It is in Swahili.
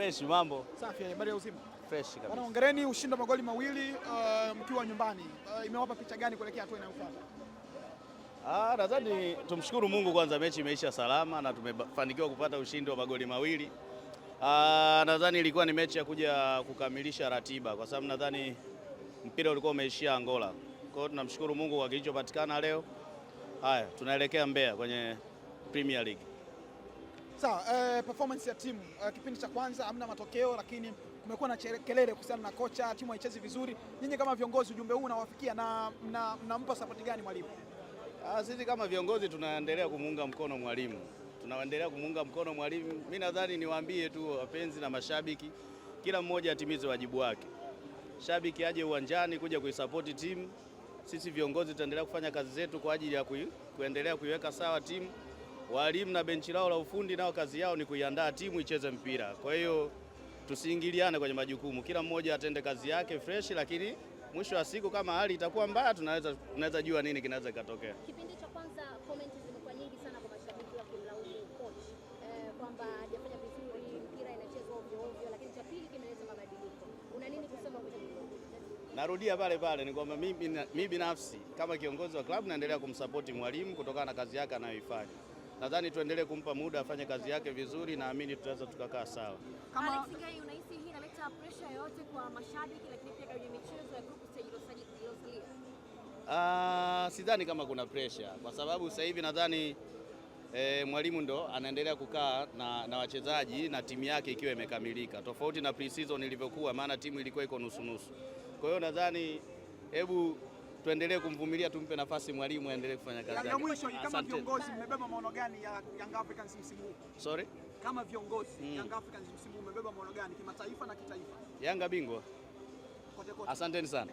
Fresh, mambo safi, habari ya uzima? Fresh kabisa bwana, hongereni ushindo magoli mawili uh, mkiwa nyumbani uh, imewapa picha gani kuelekea hatua inayofuata? Ah, nadhani tumshukuru Mungu kwanza, mechi imeisha salama na tumefanikiwa kupata ushindi wa magoli mawili. Ah, nadhani ilikuwa ni mechi ya kuja kukamilisha ratiba kwa sababu nadhani mpira ulikuwa umeishia Angola. Kwa hiyo tunamshukuru Mungu kwa kilichopatikana leo. Haya, tunaelekea Mbeya kwenye Premier League. Sawa, eh, performance ya timu eh, kipindi cha kwanza hamna matokeo, lakini kumekuwa na kelele kuhusiana na kocha, timu haichezi vizuri. Nyinyi kama viongozi, ujumbe huu unawafikia na mnampa sapoti gani mwalimu? Ah, sisi kama viongozi tunaendelea kumuunga mkono mwalimu, tunaendelea kumuunga mkono mwalimu. Mi nadhani niwaambie tu wapenzi na mashabiki, kila mmoja atimize wajibu wake. Shabiki aje uwanjani kuja kuisapoti timu. Sisi viongozi tutaendelea kufanya kazi zetu kwa ajili ya kuendelea kuiweka sawa timu. Walimu na benchi lao la ufundi nao kazi yao ni kuiandaa timu icheze mpira. Kwa hiyo tusiingiliane kwenye majukumu, kila mmoja atende kazi yake fresh, lakini mwisho wa siku kama hali itakuwa mbaya, tunaweza tunaweza jua nini kinaweza kikatokea. Kipindi cha kwanza comment zimekuwa nyingi sana kwa mashabiki wa wakimlaumu coach eh, kwamba hajafanya vizuri, mpira inachezwa ovyo ovyo, lakini cha pili kimeleta mabadiliko. Una nini kusema kwa Narudia pale pale ni kwamba mimi binafsi kama kiongozi wa klabu naendelea kumsapoti mwalimu kutokana na kazi yake anayoifanya nadhani tuendelee kumpa muda afanye kazi yake vizuri, naamini tutaweza tukakaa sawa. Kama unahisi hii inaleta pressure yoyote kwa mashabiki, lakini pia kwenye michezo ya group stage iliyosalia? Ah, sidhani kama kuna pressure kwa sababu sasa hivi nadhani E, mwalimu ndo anaendelea kukaa na, na wachezaji na timu yake ikiwa imekamilika, tofauti na pre-season ilivyokuwa, maana timu ilikuwa iko nusu nusu. Kwa hiyo nadhani hebu tuendelee kumvumilia, tumpe nafasi mwalimu aendelee kufanya kazi yake. Ya mwisho, kama viongozi mmebeba maono gani ya Young Africans msimu huu? Sorry? Kama viongozi hmm. Young Africans msimu huu mmebeba maono gani kimataifa na kitaifa? Yanga bingwa. Asanteni sana.